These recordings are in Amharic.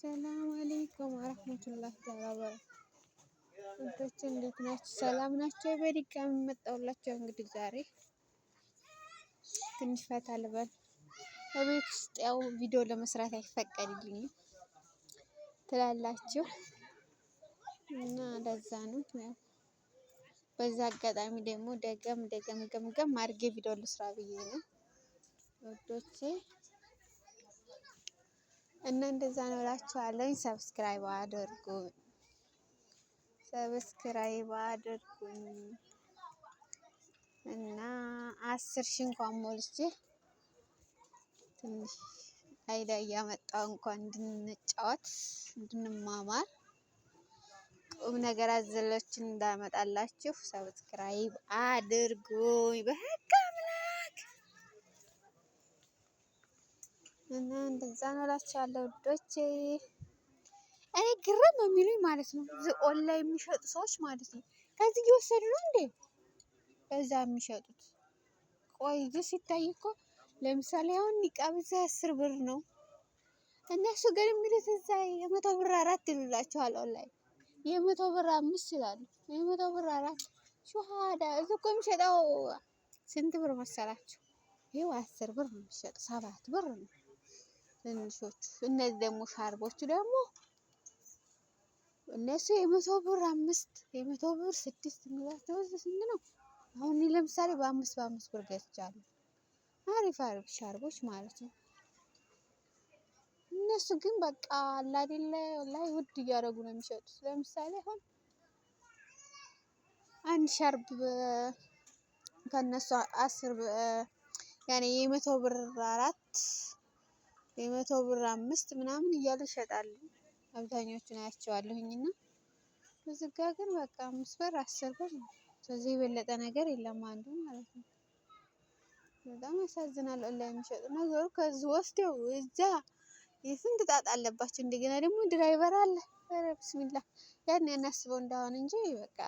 አሰላሙ አለይኩም ወረህመቱላሂ ወበረካቱህ። እንቶች እንዴት ናችሁ? ሰላም ናቸው። በድጋሚ መጣሁላችሁ። እንግዲህ ዛሬ ትንሽ ፈታ ልበል። በቤት ውስጥ ያው ቪዲዮ ለመስራት አይፈቀድልኝም ትላላችሁ እና ለዛ ነው። በዛ አጋጣሚ ደግሞ ደገም ደገም ገምገም አድርጌ ቪዲዮ ልስራ ብዬ ነው ወዶቼ እና እንደዛ ነው እላችኋለሁ። ሰብስክራይብ አድርጉ፣ ሰብስክራይብ አድርጉኝ እና አስር ሺህ እንኳን ሞልቼ ትንሽ አይዳ እያመጣው እንኳን እንድንጫወት እንድንማማር ቁም ነገር አዘሎችን እንዳመጣላችሁ ሰብስክራይብ አድርጉኝ በቃ። እና እንደዛ ነው እላችኋለሁ ውዶቼ። እኔ ግርም የሚሉኝ ማለት ነው ኦንላይን የሚሸጡ ሰዎች ማለት ነው። ከዚህ እየወሰዱ ነው እንዴ በዛ የሚሸጡት? ቆይ ግን ሲታይ እኮ ለምሳሌ አሁን ኒቃብ እዛ አስር ብር ነው፣ እነሱ ግን የሚሉት እዛ የመቶ ብር አራት ይሉላችኋል። ኦንላይን የመቶ ብር አምስት ይላሉ፣ የመቶ ብር አራት ሸሃዳ። እዚ እኮ የሚሸጠው ስንት ብር መሰላችሁ? ይኸው አስር ብር ነው የሚሸጠው፣ ሰባት ብር ነው ትንሾቹ። እነዚህ ደግሞ ሻርቦቹ ደግሞ እነሱ የመቶ ብር አምስት የመቶ ብር ስድስት የሚሏቸው ስንት ነው? አሁን ለምሳሌ በአምስት በአምስት ብር ገዝቻለሁ። አሪፍ አሪፍ ሻርቦች ማለት ነው። እነሱ ግን በቃ አላዴለ ላይ ውድ እያደረጉ ነው የሚሸጡት። ለምሳሌ አሁን አንድ ሻርብ ከነሱ አስር ያኔ የመቶ ብር አራት የመቶ ብር አምስት ምናምን እያለ ይሸጣሉ። አብዛኞቹን አያቸዋለሁኝ እና እዚህ ግን በቃ አምስት ብር አስር ብር ነው። የበለጠ ነገር የለም አንዱ ማለት ነው። በጣም ያሳዝናል። ኦንላይን የሚሸጡ ነገሩ ከዚህ ወስደው እዛ የስንት ጣጣ አለባቸው። እንደገና ደግሞ ድራይቨር አለ። ኧረ ብስሚላ ያን ያናስበው እንዳሆን እንጂ በቃ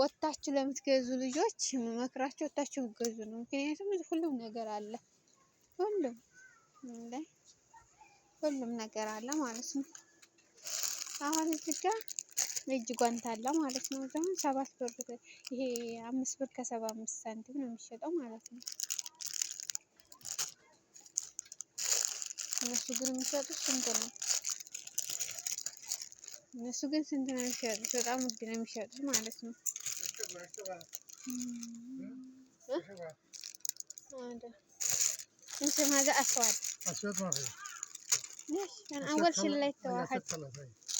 ወታችሁ ለምትገዙ ልጆች መክራችሁ ወታችሁ ገዙ ነው። ምክንያቱም ሁሉም ነገር አለ ሁሉም ላይ ሁሉም ነገር አለ ማለት ነው። አሁን እዚህ ጋር እጅ ጓንት አለ ማለት ነው። ደግሞ ሰባት ብር ይሄ አምስት ብር ከሰባ አምስት ሳንቲም ነው የሚሸጠው ማለት ነው። እነሱ ግን የሚሸጡት ስንት ነው? እነሱ ግን ስንት ነው የሚሸጡት? በጣም ውድ ነው የሚሸጡት ማለት ነው። يمكن هذا اسود اسود ما في ليش؟ كان يعني اول شيء ليته واحد